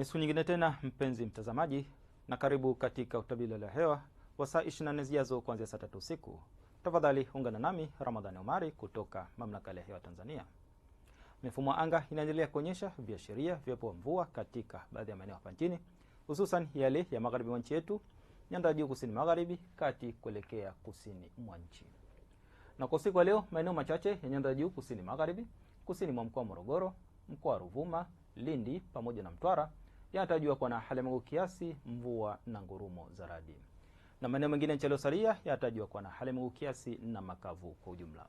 Ni siku nyingine tena mpenzi mtazamaji, na karibu katika utabili la hewa wa saa 24 zijazo kuanzia saa tatu usiku. Tafadhali ungana nami Ramadhani Omari kutoka Mamlaka ya Hewa Tanzania. Mifumo anga inaendelea kuonyesha viashiria vya mvua katika baadhi ya maeneo hapa nchini, hususan yale ya magharibi mwa nchi yetu, nyanda ya juu kusini magharibi, kati kuelekea kusini mwa nchi. Na kwa usiku wa leo, maeneo machache ya nyanda ya juu kusini magharibi, kusini mwa mkoa wa Morogoro, mkoa wa Ruvuma, Lindi pamoja na Mtwara yanatarajiwa kuwa na hali ya mawingu kiasi, mvua na ngurumo za radi, na maeneo mengine nchi yaliyosalia yanatarajiwa kuwa na hali ya mawingu kiasi na makavu kwa ujumla.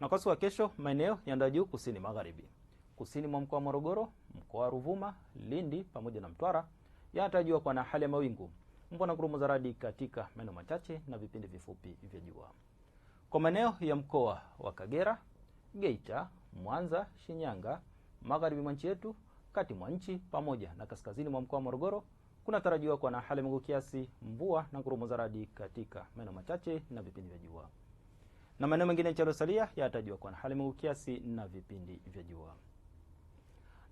Na kwa siku ya kesho, maeneo ya juu kusini magharibi, kusini mwa mkoa wa Morogoro, mkoa wa Ruvuma, Lindi pamoja na Mtwara yanatarajiwa kuwa na hali ya mawingu, mvua na ngurumo za radi katika maeneo machache na vipindi vifupi vya jua. Kwa maeneo ya mkoa wa Kagera, Geita, Mwanza, Shinyanga, magharibi mwa nchi yetu kati mwa nchi pamoja na kaskazini mwa mkoa wa Morogoro kunatarajiwa kuwa na hali ya kiasi, mvua na ngurumo za radi katika maeneo machache na vipindi vya jua, na maeneo mengine nchi yaliyosalia yatarajiwa kuwa na hali ya kiasi na vipindi vya jua.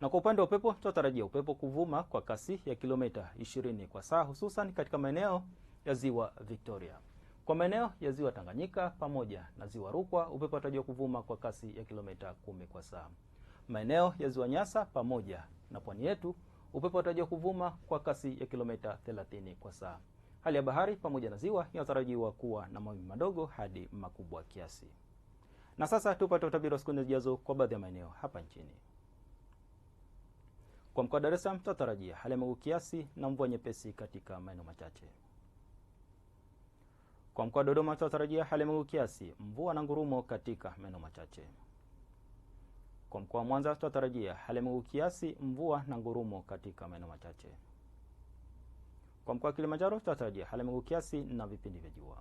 Na kwa upande wa upepo, tunatarajia upepo kuvuma kwa kasi ya kilomita 20 kwa saa, hususan katika maeneo ya ziwa Victoria. Kwa maeneo ya ziwa Tanganyika pamoja na ziwa Rukwa, upepo unatarajiwa kuvuma kwa kasi ya kilomita 10 kwa saa maeneo ya Ziwa Nyasa pamoja na pwani yetu, upepo utarajiwa kuvuma kwa kasi ya kilomita 30 kwa saa. Hali ya bahari pamoja na ziwa inatarajiwa kuwa na mawimbi madogo hadi makubwa kiasi. Na sasa tupate utabiri wa siku nne zijazo kwa baadhi ya maeneo hapa nchini. Kwa mkoa wa Dar es Salaam tutatarajia hali ya mawingu kiasi na mvua nyepesi katika maeneo machache. Kwa mkoa wa Dodoma tutatarajia hali ya mawingu kiasi, mvua na ngurumo katika maeneo machache. Kwa mkoa wa Mwanza tunatarajia hali ya mawingu kiasi, mvua na ngurumo katika maeneo machache. Kwa mkoa wa Kilimanjaro tunatarajia hali ya mawingu kiasi na vipindi vya jua.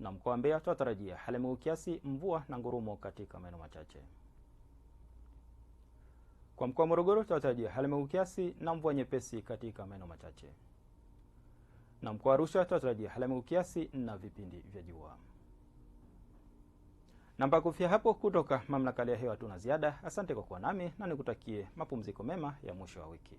Na mkoa wa Mbeya tunatarajia hali ya mawingu kiasi, mvua na ngurumo katika maeneo machache. Kwa mkoa wa Morogoro tunatarajia hali ya mawingu kiasi na mvua nyepesi katika maeneo machache. Na mkoa wa Arusha tunatarajia hali ya mawingu kiasi na vipindi vya jua. Na mpaka hapo, kutoka mamlaka ya hewa tuna ziada. Asante kwa kuwa nami na nikutakie mapumziko mema ya mwisho wa wiki.